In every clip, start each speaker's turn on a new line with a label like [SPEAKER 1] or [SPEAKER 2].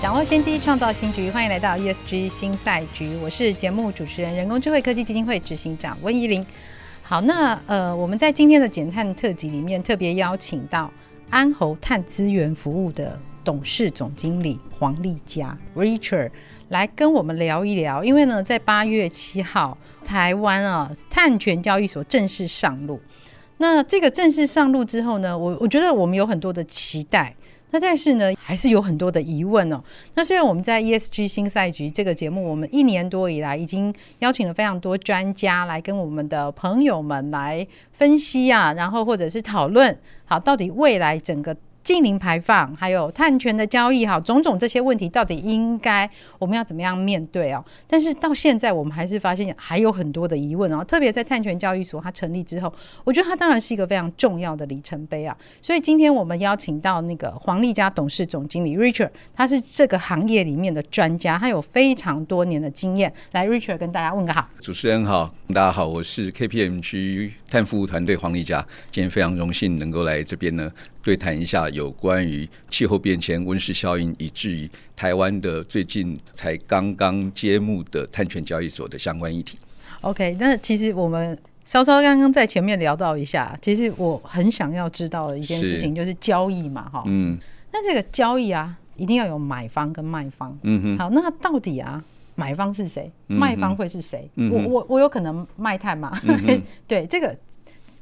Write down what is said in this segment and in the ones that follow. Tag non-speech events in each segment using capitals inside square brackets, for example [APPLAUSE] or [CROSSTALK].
[SPEAKER 1] 掌握先機，創造新局。歡迎來到 ESG 新賽局，我是節目主持人、人工智慧科技基金會執行長溫怡玲。好，那呃，我們在今天的減碳特輯裡面特別邀請到安侯碳資源服務的董事總經理黃力家 （Richard） 來跟我們聊一聊。因為呢，在八月七號，台灣啊碳權交易所正式上路。那這個正式上路之後呢，我我覺得我們有很多的期待。那但是呢，還是有很多的疑問哦。那雖然我們在 ESG 新賽局這個節目，我們一年多以來已經邀請了非常多專家來跟我們的朋友們來分析啊，然後或者是討論，好，到底未來整個淨零排放，還有碳權的交易，哈，種種這些問題到底應該我們要怎麼樣面對哦？但是到現在我們還是發現還有很多的疑問哦。特別在碳權交易所它成立之後，我覺得它當然是一個非常重要的里程碑啊。所以今天我們邀請到那個黃力家董事總經理 Richard，他是這個行業裡面的專家，他有非常多年的經驗。來，Richard 跟大家問個好。
[SPEAKER 2] 主持人好，大家好，我是 KPMG 碳服務團隊黃力家，今天非常榮幸能夠來這邊呢，對談一下有關於氣候變遷、溫室效應，以至於台灣的最近才剛剛揭幕的碳權交易所的相關議題。
[SPEAKER 1] OK，那其實我們稍稍剛剛在前面聊到一下，其實我很想要知道的一件事情就是交易嘛，哈，嗯。那這個交易啊，一定要有買方跟賣方。嗯嗯哼。好，那到底啊，買方是誰？嗯、哼賣方會是誰，嗯哼？我我我有可能賣碳嘛。嗯、哼 [LAUGHS] 對，這個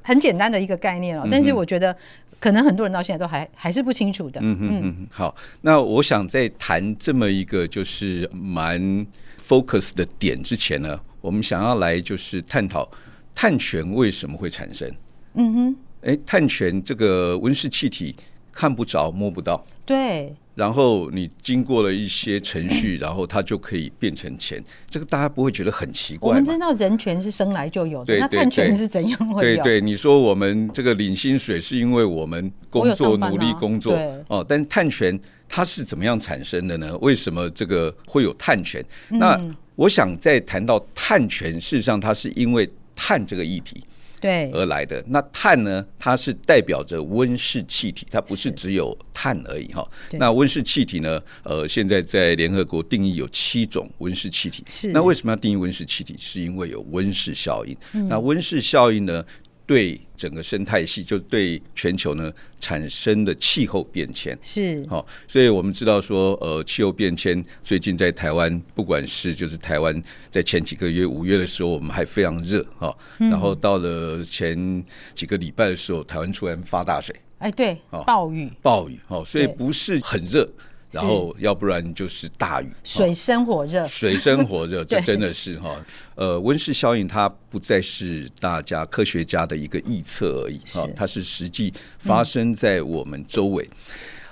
[SPEAKER 1] 很簡單的一個概念了，但是我覺得。可能很多人到現在都還還是不清楚的。嗯嗯
[SPEAKER 2] 嗯，好，那我想在談這麼一個就是蠻 focus 的點之前呢，我們想要來就是探討碳權為什麼會產生？嗯哼，哎、欸，碳權這個溫室氣體看不着摸不到。
[SPEAKER 1] 對，
[SPEAKER 2] 然後你經過了一些程序， [COUGHS] 然後它就可以變成錢。這個大家不會覺得很奇怪。我們知
[SPEAKER 1] 道人權是生來就有的，對對對，那碳權是怎樣會有？對對，
[SPEAKER 2] 你說我們這個領薪水是因為我們工作、啊、努力工作，對哦。但碳權它是怎麼樣產生的呢？為什麼這個會有碳權？嗯、那我想再談到碳權，事實上它是因為碳這個議題。對，而來的那碳呢，它是代表着溫室氣體，它不是只有碳而已哈。那溫室氣體呢，呃，現在在聯合國定義有七種溫室氣體。是，那為什麼要定義溫室氣體？是因為有溫室效應。嗯。那溫室效應呢，對整個生態系，就對全球呢產生的氣候變遷是好、哦，所以我們知道說，呃，氣候變遷最近在台灣，不管是就是台灣在前幾個月五月的時候，我們還非常熱啊，哦嗯、然後到了前幾個禮拜的時候，台灣突然發大水，
[SPEAKER 1] 哎，對，哦、暴雨
[SPEAKER 2] 暴雨哦，所以不是很熱。然後，要不然就是大雨，是水
[SPEAKER 1] 深火熱，哦、水深火熱， [LAUGHS] 對這真的
[SPEAKER 2] 是哈。呃，溫室效應它不再是大家科學家的一個預測而已，哈是、哦，它是實際發生在我們周圍。嗯、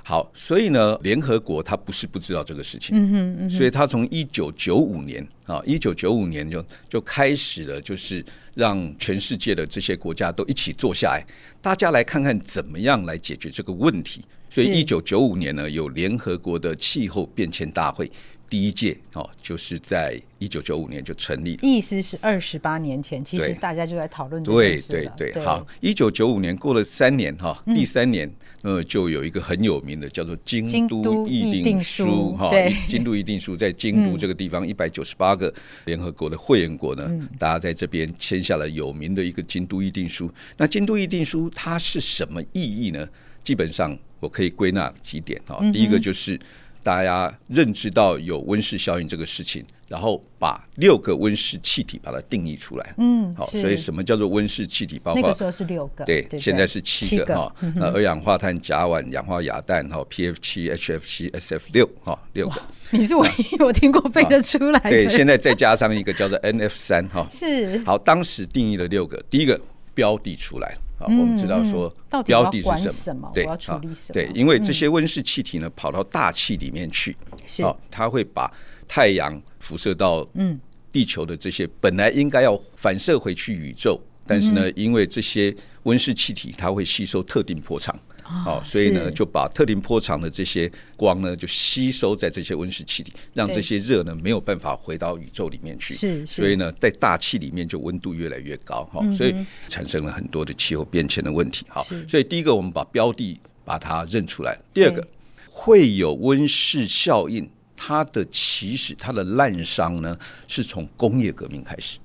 [SPEAKER 2] 好，所以呢，聯合國它不是不知道這個事情，嗯哼嗯嗯，所以它從一九九五年啊，一九九五年就就開始了，就是讓全世界的這些國家都一起坐下來，大家來看看怎麼樣來解決這個問題。所以，一九九五年呢，有聯合國的氣候變遷大會第一屆哦，就是在一九九五年就成立了。
[SPEAKER 1] 意思是二十八年前，其實大家就在討論這件事了。對對對，對，對好，
[SPEAKER 2] 一九九五年過了三年哈，第三年，那就有一個很有名的叫做《京都議定書》哈，《京都議定書》在京都這個地方，一百九十八個聯合國的會員國呢，大家在這邊簽下了有名的一個《京都議定書》。那《京都議定書》它是什麼意義呢？基本上。我可以歸納幾點哈，第一個就是大家認知到有溫室效應這個事情，然後把六個溫室氣體把它定義出來。嗯，好，所以什麼叫做溫室氣體？包括那個時候是
[SPEAKER 1] 六個，對，對對，現在是七個哈。那、嗯、二
[SPEAKER 2] 氧化碳、甲烷、氧化亞氮、哈、P F C、H F C、S F 六哈，六個。哇啊、
[SPEAKER 1] 你是唯一我聽過背得出來的。對，現在
[SPEAKER 2] 再加上一個叫做 N F 三哈。是。好，當時定義了六個，第一個標的出來。啊、嗯，我們知道說，標的是什麼？嗯、什麼對啊，對，因為這些溫室氣體呢，嗯、跑到大氣裡面去，好是，它會把太陽輻射到嗯地球的這些、嗯、本來應該要反射回去宇宙，嗯、但是呢，嗯、因為這些溫室氣體，它會吸收特定波長。哦，oh, 所以呢，是就把特定波長的這些光呢，就吸收在這些溫室氣體，讓這些熱呢對沒有辦法回到宇宙裡面去。是，是所以呢，在大氣裡面就溫度越來越高。哦，嗯、哼所以產生了很多的氣候變遷的問題。好，是所以第一個我們把標的把它認出來。第二個對會有溫室效應，它的起始、它的濫觞呢，是從工業革命開始。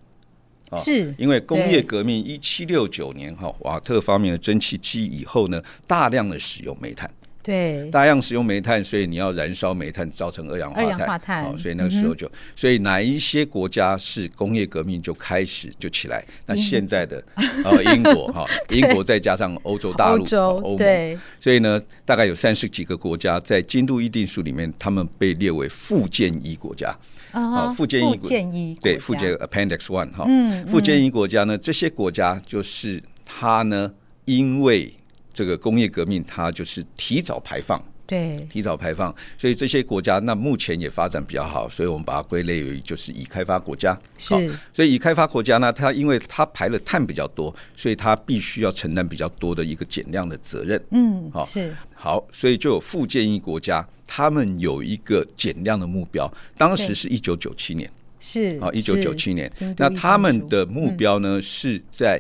[SPEAKER 2] 是，因為工業革命一七六九年哈瓦特方面的蒸汽機以後呢，大量的使用煤炭，
[SPEAKER 1] 對，大
[SPEAKER 2] 量使用煤炭，所以你要燃燒煤炭，造成二氧化碳，二氧化
[SPEAKER 1] 碳、哦，所以那個時候就，
[SPEAKER 2] 嗯、哼所以哪一些國家是工業革命就開始就起來？那現在的、嗯哼呃、英國哈，英國再加上歐洲大陸、 [LAUGHS] 對，歐洲，歐盟，對，所以呢，大概有三十幾個國家在《京都議定書》裡面，他們被列為附件一國家。
[SPEAKER 1] 啊，uh、huh, 附件一，對，附件
[SPEAKER 2] Appendix One 哈，附件一國家呢，這些國家就是它呢，因為這個工業革命，它就是提早排放。對，提早排放，所以這些國家那目前也發展比較好，所以我們把它歸類為就是已開發國家。是、哦，所以已開發國家呢，它因為它排的碳比較多，所以它必須要承擔比較多的一個減量的責任。嗯，好，是、哦、好，所以就有附件一國家，他們有一個減量的目標，當時是一九九七年。
[SPEAKER 1] 是啊，一九九七年，是那他們的目
[SPEAKER 2] 標呢、嗯、是在。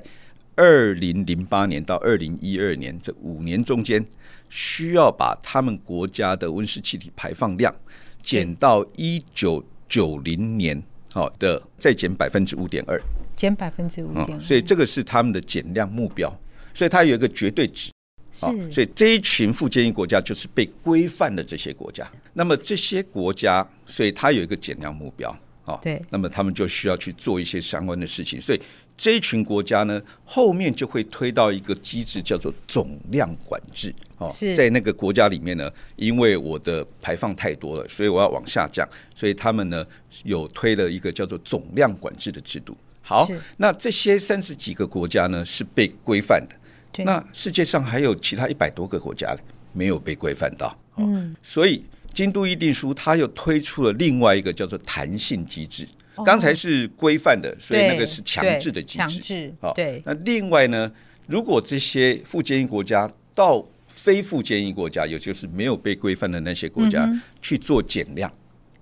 [SPEAKER 2] 二零零八年到二零一二年這五年中間，需要把他們國家的溫室氣體排放量減到一九九零年，好，的再減百分之五點二，
[SPEAKER 1] 減百分之五點二。
[SPEAKER 2] 所以這個是他們的減量目標，所以他有一個絕對值。是、哦。所以這一群附件一國家就是被規範的這些國家。那麼這些國家，所以他有一個減量目標。哦、對。那麼他們就需要去做一些相關的事情，所以。這一群國家呢，後面就會推到一個機制，叫做總量管制。哦是，在那個國家裡面呢，因為我的排放太多了，所以我要往下降，所以他們呢有推了一個叫做總量管制的制度。好，是那這些三十幾個國家呢是被規範的，對那世界上還有其他一百多個國家沒有被規範到。嗯，所以京都議定書它又推出了另外一個叫做彈性機制。剛才是規範的，所以那個是強制的機制。對對，強
[SPEAKER 1] 制好、哦，那
[SPEAKER 2] 另外呢，如果這些附件一國家到非附件一國家，也就是沒有被規範的那些國家、嗯、哼去做減量，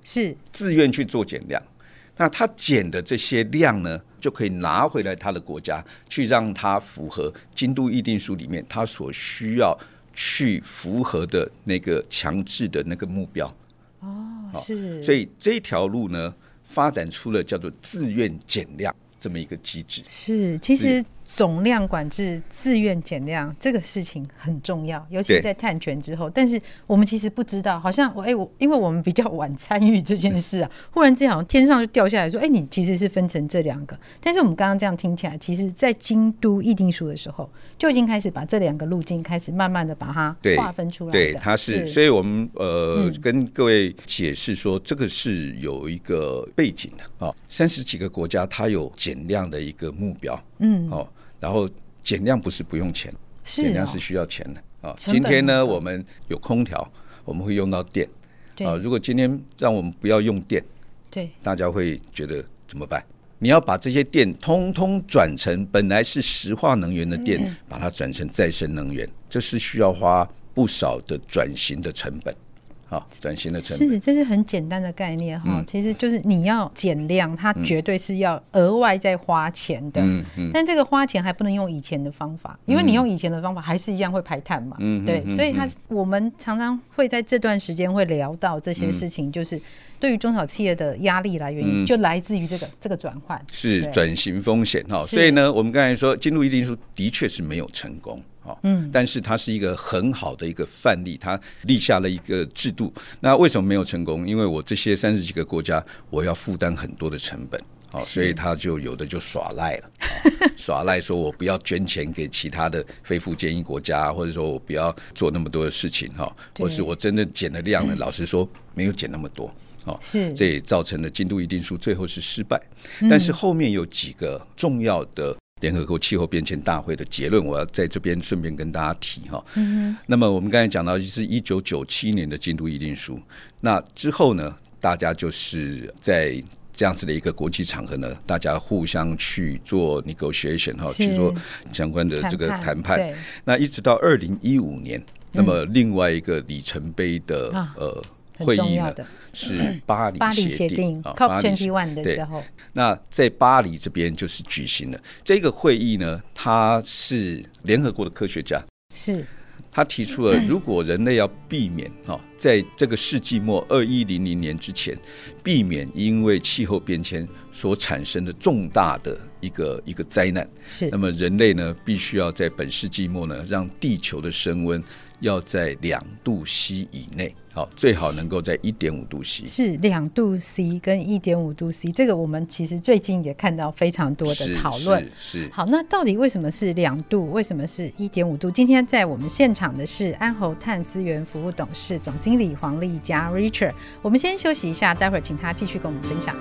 [SPEAKER 1] 是自
[SPEAKER 2] 願去做減量。那他減的這些量呢，就可以拿回來他的國家去讓他符合京都議定書裡面他所需要去符合的那個強制的那個目標。哦，
[SPEAKER 1] 是。哦、所以
[SPEAKER 2] 這條路呢，發展出了叫做自願減量這麼一個機制。是，
[SPEAKER 1] 其實。總量管制、自願減量，這個事情很重要，尤其是在碳權之後。對但是我們其實不知道，好像我哎、欸，我因為我們比較晚參與這件事啊，嗯、忽然之間好像天上就掉下來說，哎、欸，你其實是分成這兩個。但是我們剛剛這樣聽起來，其實，在京都議定書的時候，就已經開始把這兩個路徑開始慢慢的把它劃分出來對。對，它是，是所以
[SPEAKER 2] 我們呃、嗯、跟各位解釋說，這個是有一個背景的啊，三、哦、十幾個國家它有減量的一個目標，嗯，哦。然後減量不是不用錢，是哦、減量是需要錢的啊。今天呢，成本我們有空調，我們會用到電啊。對如果今天讓我們不要用電，對大家會覺得怎麼辦？你要把這些電通通轉成本來是石化能源的電，嗯嗯把它轉成再生能源，這是需要花不少的轉型的成本。好，轉型的成本
[SPEAKER 1] 是，這是很簡單的概念哈。其實就是你要減量，它絕對是要額外再花錢的。嗯嗯。但這個花錢還不能用以前的方法，因為你用以前的方法還是一樣會排碳嘛。嗯。對，所以它我們常常會在這段時間會聊到這些事情，就是對於中小企業的壓力來源，就來自於這個這個轉換是轉
[SPEAKER 2] 型風險哈。所以呢，我們剛才說京都議定書的確是沒有成功。嗯，但是它是一個很好的一個範例，它立下了一個制度。那為什麼沒有成功？因為我這些三十幾個國家，我要負擔很多的成本，好是，所以他就有的就耍賴了，耍賴說我不要捐錢給其他的非附件一國家，或者說我不要做那麼多的事情哈，對或是我真的減了量了，老實說沒有減那麼多，好是，是這也造成了京都議定書最後是失敗。但是後面有幾個重要的。聯合國氣候變遷大會的結論，我要在這邊順便跟大家提哈。嗯哼那麼我們剛才講到就是一九九七年的京都議定書，那之後呢，大家就是在這樣子的一個國際場合呢，大家互相去做 n 個學 o 哈，去做是相關的這個談判。談判那一直到二零一五年，那麼另外一個里程碑的、嗯、呃。啊重要的會議呢是巴黎協定啊 COP21 的時候。那在巴黎這邊就是舉行的這個會議呢，它是聯合國的科學家是，他提出了如果人類要避免、嗯哦、在這個世紀末二一零零年之前，避免因為氣候變遷所產生的重大的一個一個災難，是那麼人類呢必須要在本世紀末呢讓地球的升溫。要在兩度 C 以內，好，最好能夠在一點五度 C，是
[SPEAKER 1] 兩度 C 跟一點五度 C，這個我們其實最近也看到非常多的討論。是。是好，那到底為什麼是兩度？為什麼是一點五度？今天在我們現場的是安侯碳資源服務董事總經理黃力家 （Richard）。我們先休息一下，待會兒請他繼續跟我們分享。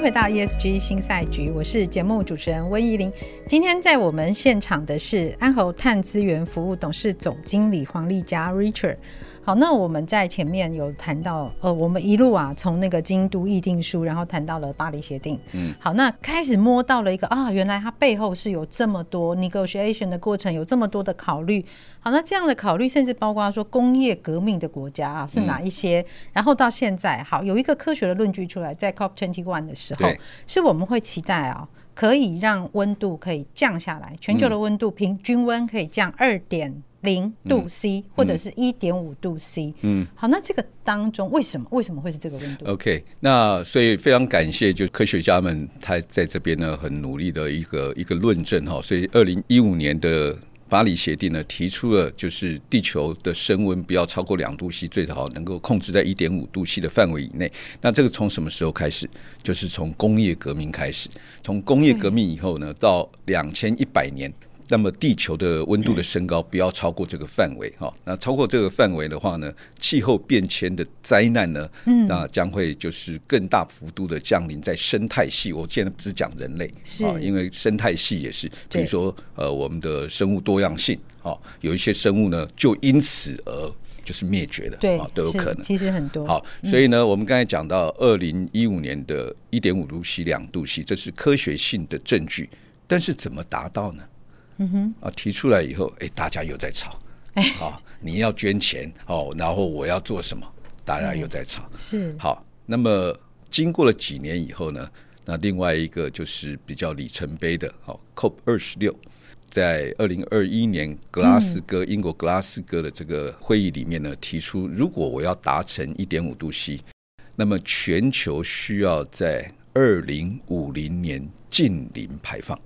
[SPEAKER 1] 回到 ESG 新賽局，我是節目主持人溫怡玲。今天在我們現場的是安侯碳資源服務董事總經理黃力家 （Richard）。好，那我們在前面有談到，呃，我們一路啊，從那個京都議定書，然後談到了巴黎協定。嗯，好，那開始摸到了一個啊，原來它背後是有這麼多 negotiation 的過程，有這麼多的考慮。好，那這樣的考慮，甚至包括說工業革命的國家啊，是哪一些？嗯、然後到現在，好，有一個科學的論據出來，在 COP21 的時候，對是我們會期待啊、哦，可以讓溫度可以降下來，全球的溫度平均溫可以降二點、嗯。零度 C、嗯、或者是一點五度 C。嗯，好，那這個當中為什麼為什麼會是這個溫
[SPEAKER 2] 度？OK，那所以非常感謝，就科學家們他在這邊呢很努力的一個一個論證哈。所以二零一五年的巴黎協定呢提出了，就是地球的升溫不要超過兩度 C，最好能夠控制在一點五度 C 的範圍以內。那這個從什麼時候開始？就是從工業革命開始，從工業革命以後呢，對到兩千一百年。那麼地球的溫度的升高不要超過這個範圍哈， [COUGHS] 那超過這個範圍的話呢，氣候變遷的災難呢，嗯、那將會就是更大幅度的降臨在生態系。我現在只講人類，啊是，因為生態系也是，比如說對呃，我們的生物多樣性，啊、哦，有一些生物呢就因此而就是滅絕的滅絕了，啊對，都有可能，
[SPEAKER 1] 其實很多。好，嗯、所以
[SPEAKER 2] 呢，我們剛才講到二零一五年的一點五度 C 兩度 C，這是科學性的證據，但是怎麼達到呢？嗯哼，啊，提出來以後，哎，大家又在吵，啊、 [LAUGHS] 哦，你要捐錢，哦，然後我要做什麼，大家又在吵、嗯，是，好，那麼經過了幾年以後呢，那另外一個就是比較里程碑的，哦，COP 二十六，在二零二一年格拉斯哥，嗯、英國格拉斯哥的這個會議裡面呢，提出如果我要達成一點五度 C，那麼全球需要在二零五零年淨零排放。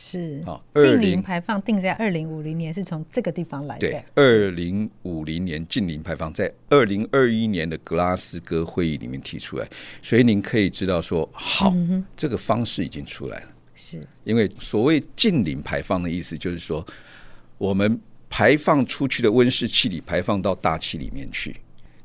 [SPEAKER 2] 是淨零
[SPEAKER 1] 排放定在二零五零年，是從這個地方來的。對，
[SPEAKER 2] 二零五零年淨零排放在二零二一年的格拉斯哥會議裡面提出來，所以您可以知道說，好，嗯、哼這個方式已經出來了。是因為所謂淨零排放的意思，就是說我們排放出去的溫室氣體排放到大氣裡面去，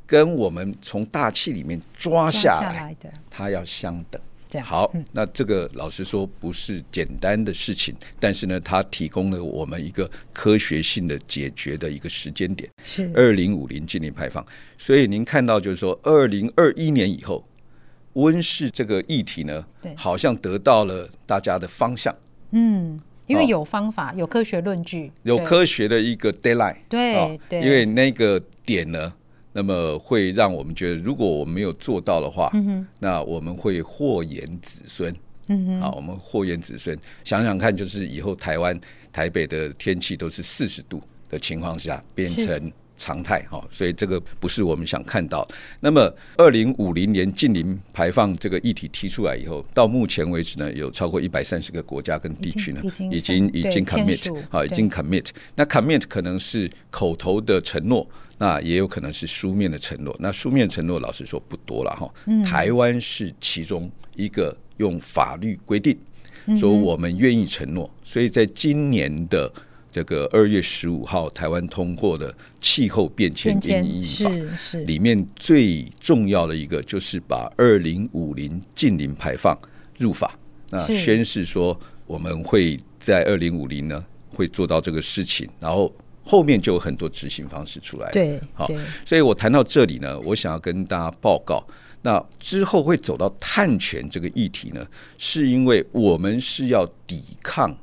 [SPEAKER 2] 跟我們從大氣裡面抓下來，下來的它要相等。好，那這個老實說不是簡單的事情，嗯、但是呢，它提供了我們一個科學性的解決的一個時間點，是二零五零淨零排放。所以您看到就是說，二零二一年以後，溫室這個議題呢，對好像得到了大家的方向。
[SPEAKER 1] 嗯，因為有方法，哦、有科學論據，有科
[SPEAKER 2] 學的一個 deadline。對對，哦、對因為那個點呢。那麼會讓我們覺得，如果我們沒有做到的話，嗯、哼那我們會禍延子孫。嗯啊哼，我們禍延子孫，嗯、哼想想看，就是以後台灣台北的天氣都是四十度的情況下變成常態哈是、哦，所以這個不是我們想看到。那麼，二零五零年淨零排放這個議題提出來以後，到目前為止呢，有超過一百三十個國家跟地區呢已，已經已經 commit 啊，已經 commit。那 commit 可能是口頭的承諾。那也有可能是書面的承諾。那書面承諾，老實說不多了哈。嗯、台灣是其中一個用法律規定、嗯、
[SPEAKER 1] 哼說我
[SPEAKER 2] 們願意承諾，所以在今年的這個二月十五號，台灣通過的氣候變遷因應法是是裡面最重要的一個，就是把二零五零淨零排放入法，是那宣誓說我們會在二零五零呢會做到這個事情，然後。後面就有很多執行方式出來。對，好，所以我談到這裡呢，我想要跟大家報告，那之後會走到碳權這個議題呢，是因為我們是要抵抗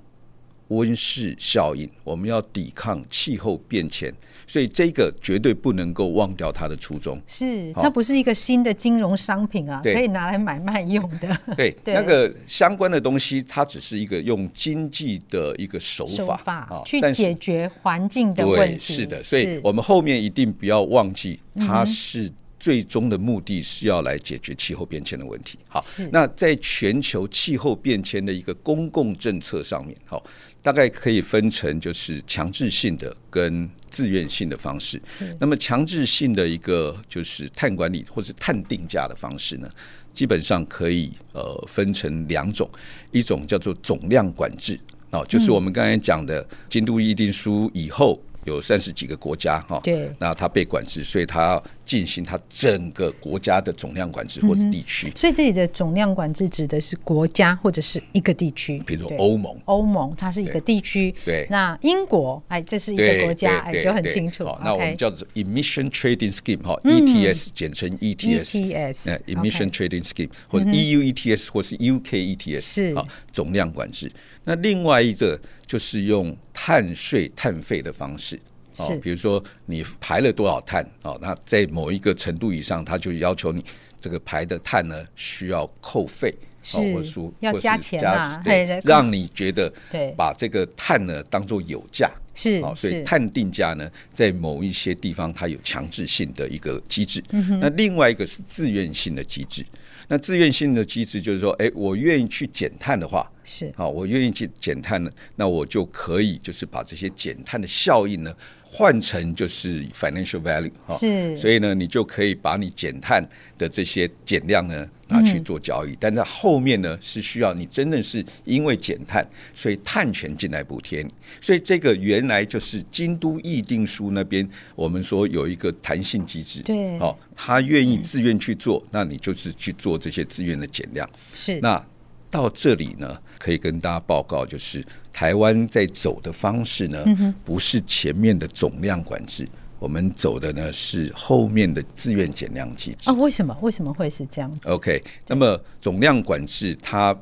[SPEAKER 2] 溫室效應，我們要抵抗氣候變遷。所以這個絕對不能夠忘掉它的初衷是，
[SPEAKER 1] 是它不是一個新的金融商品啊，對可以拿來買賣用的。對，
[SPEAKER 2] 對那個相關的東西，它只是一個用經濟的一個手法，手法去解
[SPEAKER 1] 決環境的問題是對。是的，所以我
[SPEAKER 2] 們後面一定不要忘記，它是最終的目的，是要來解決氣候變遷的問題。好，是那在全球氣候變遷的一個公共政策上面，好。大概可以分成就是強制性的跟自願性的方式。那麼強制性的一個就是碳管理，或是碳定價的方式呢，基本上可以呃分成兩種，一種叫做總量管制，哦，就是我們剛才講的京都議定書以後。有三十幾個國家哈，對，那它被管制，所以它要進行它整個國家的總量管制或者地區。所以
[SPEAKER 1] 這裡的總量管制指的是國家或者是一個地區，比如說歐盟，歐盟它是一個地區。對，那英國哎，這是一個國家哎，就很清楚。那我們
[SPEAKER 2] 叫做 Emission Trading Scheme 哈，ETS 簡稱 ETS，嗯，Emission Trading Scheme 或者 EU ETS 或是 UK ETS 是啊，總量管制。那另外一個就是用碳稅碳費的方式，哦，比如說你排了多少碳，哦，那在某一個程度以上，他就要求你這個排的碳呢需要扣費、哦，是或說要加錢啊，對，讓你覺得把這個碳呢當做有價是，哦，所以碳定價呢在某一些地方它有強制性的一個機制，那另外一個是自願性的機制。那自願性的機制就是說，哎，我願意去減碳的話，是啊，我願意去減碳呢，那我就可以就是把這些減碳的效應呢換成就是 financial value 哈是，是、哦，所以呢，你就可以把你減碳的這些減量呢拿去做交易，嗯、但在後面呢是需要你真的是因為減碳，所以碳權進來補貼你，所以這個原來就是京都議定書那邊，我們說有一個彈性機制，對，哦，他願意自願去做，嗯、那你就是去做這些自願的減量，是那。到這裡呢，可以跟大家報告，就是台灣在走的方式呢，嗯、哼不是前面的總量管制，我們走的呢是後面的自願減量機制。啊、
[SPEAKER 1] 哦，為什麼？為什麼會是這樣子
[SPEAKER 2] ？OK，對那麼總量管制它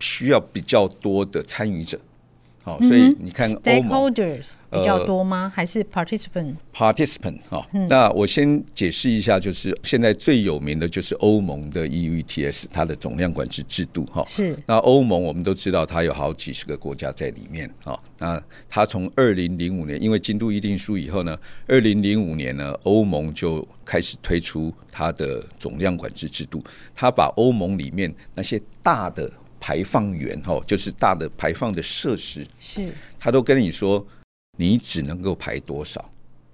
[SPEAKER 2] 需要比較多的參與者。哦，所以你看，歐盟、嗯
[SPEAKER 1] Stakeholders、呃、比較多嗎？還是 part participant？participant
[SPEAKER 2] 哈、哦、嗯、那我先解釋一下，就是現在最有名的就是歐盟的 EUTS，它的總量管制制度哈。哦、是，那歐盟我們都知道，它有好幾十個國家在裡面啊、哦。那它從二零零五年，因為京都議定書以後呢，二零零五年呢，歐盟就開始推出它的總量管制制度，它把歐盟裡面那些大的，排放源哦，就是大的排放的設施，是，他都跟你說，你只能夠排多少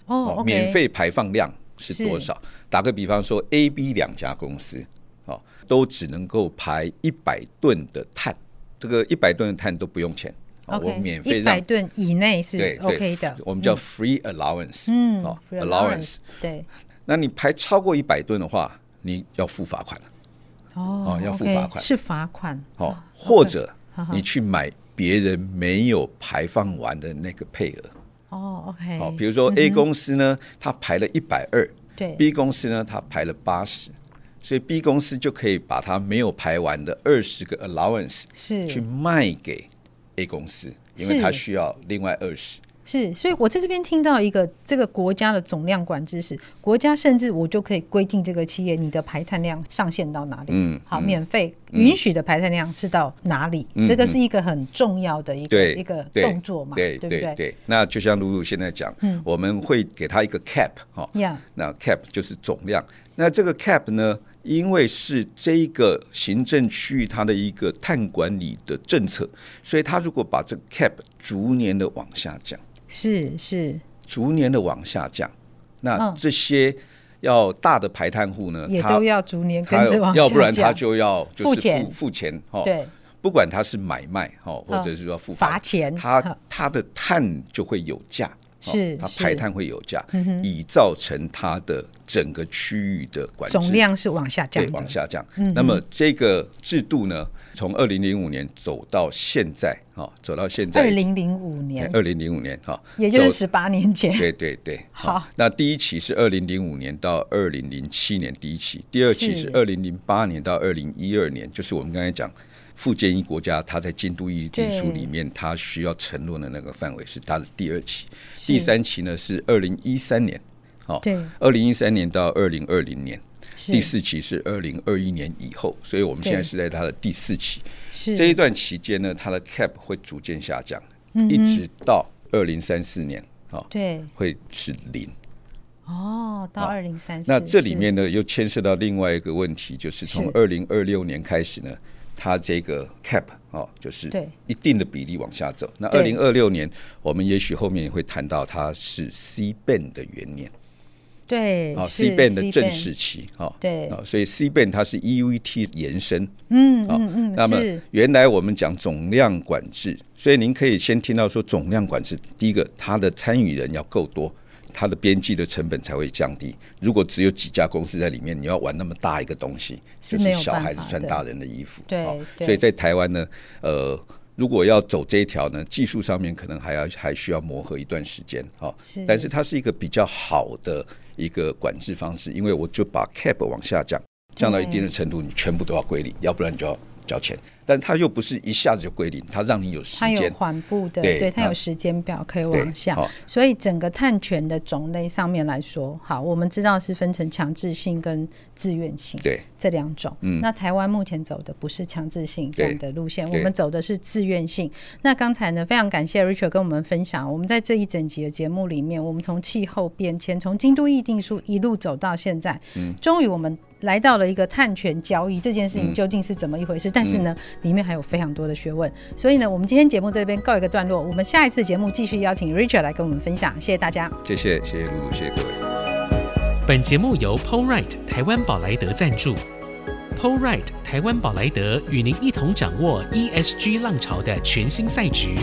[SPEAKER 1] 哦，oh, okay. 免費
[SPEAKER 2] 排放量是多少？是，打個比方說，A、B 兩家公司哦，都只能夠排一百噸的碳，這個一百噸的碳都不用錢，okay, 我免費讓一百
[SPEAKER 1] 噸以內是 OK 的，我們叫
[SPEAKER 2] free allowance，嗯、哦、free，allowance
[SPEAKER 1] free 對，
[SPEAKER 2] 對，那你排超過一百噸的話，你要付罰款
[SPEAKER 1] 哦，要付罰款，oh, okay, 是罰款。
[SPEAKER 2] 哦，或者你去買別人沒有排放完的那個配額。
[SPEAKER 1] Oh, okay, 哦，OK。好，比如
[SPEAKER 2] 說 A 公司呢，它、嗯、哼排了一百二，對，B 公司呢，它排了八十，所以 B 公司就可以把它沒有排完的二十個 allowance 是去賣給 A 公司，是因為它需要另外二十。
[SPEAKER 1] 是，所以我在這邊聽到一個這個國家的總量管制，是國家甚至我就可以規定這個企業你的排碳量上限到哪裡，嗯，好，免費允許的排碳量是到哪裡，這個是一個很重要的一個一個動作嘛、嗯嗯嗯嗯嗯，對對對對，對，
[SPEAKER 2] 對，那就像露露現在講，嗯，我們會給他一個 cap 哈、嗯，嗯、那 cap 就是總量，那這個 cap 呢，因為是這一個行政區域它的一個碳管理的政策，所以它如果把這個 cap 逐年的往下降。
[SPEAKER 1] 是是，
[SPEAKER 2] 逐年的往下降。那這些要大的排碳戶呢，也都要
[SPEAKER 1] 逐年跟着往下降。要不然，他就
[SPEAKER 2] 要付錢付錢哈。對，不管他是買賣哈，或者是說付罰錢，他他的碳就會有價，是他排碳會有價，以造成它的整個區域的管理總量
[SPEAKER 1] 是往下降，對，往
[SPEAKER 2] 下降。那麼這個制度呢？從二零零五年走到現在，哈，走到現在。二零
[SPEAKER 1] 零五年，
[SPEAKER 2] 二零零五年，哈，也就是十
[SPEAKER 1] 八年前。對
[SPEAKER 2] 對對，好。那第一期是二零零五年到二零零七年，第一期；第二期是二零零八年到二零一二年，是就是我們剛才講富件一國家，他在京都議定書裡面他對需要承諾的那個範圍是他的第二期。是第三期呢是二零一三年，好對，二零一三年到二零二零年。是第四期是二零二一年以後，所以我們現在是在它的第四期。是這一段期間呢，它的 cap 會逐漸下降，嗯、哼一直到二零三四年對，會是零。哦，
[SPEAKER 1] 對哦到二零三四。那這裡面
[SPEAKER 2] 呢，是又牽涉到另外一個問題，就是從二零二六年開始呢，是它這個 cap 哦，就是對一定的比例往下走。對那二零二六年，對我們也許後面也會談到它是 CBAM 的元年。
[SPEAKER 1] 對啊，CBAM 的正式
[SPEAKER 2] 期啊，band, 哦、對啊、哦，所以 CBAM 它是 EU ETS 延伸，
[SPEAKER 1] 嗯嗯嗯，那麼
[SPEAKER 2] 原來我們講總量管制，所以您可以先聽到說總量管制，第一個它的參與人要夠多，它的邊際的成本才會降低。如果只有幾家公司在裡面，你要玩那麼大一個東西，就是小孩子穿大人的衣服，對，對，對、哦，所以在台灣呢，呃。如果要走這一條呢，技術上面可能還要還需要磨合一段時間啊。哦、是。但是它是一個比較好的一個管制方式，因為我就把 cap 往下降，降到一定的程度，你全部都要歸零，嗯、要不然你就要交錢。但它又不是一下子就歸零，它讓你有時間，它有緩
[SPEAKER 1] 步的。對、對，它有時間表可以往下。所以整個碳權的種類上面來說，好，我們知道是分成強制性跟自願性，對，這兩種。嗯，那台灣目前走的不是強制性這樣的路線，對我們走的是自願性。對那剛才呢，非常感謝 Richard 跟我們分享。我們在這一整集的節目裡面，我們從氣候變遷，從京都議定書一路走到現在，終於、嗯、我們。來到了一個碳權交易這件事情究竟是怎麼一回事？嗯、但是呢，嗯、裡面還有非常多的學問，所以呢，我們今天節目在這邊告一個段落，我們下一次節目繼續邀請 Richard 來跟我們分享，謝謝大家，
[SPEAKER 2] 謝謝，謝謝露露，謝謝各位。本節目由 Paul Wright 台灣寶萊德贊助，Paul Wright 台灣寶萊德與您一同掌握 ESG 浪潮的
[SPEAKER 1] 全新賽局。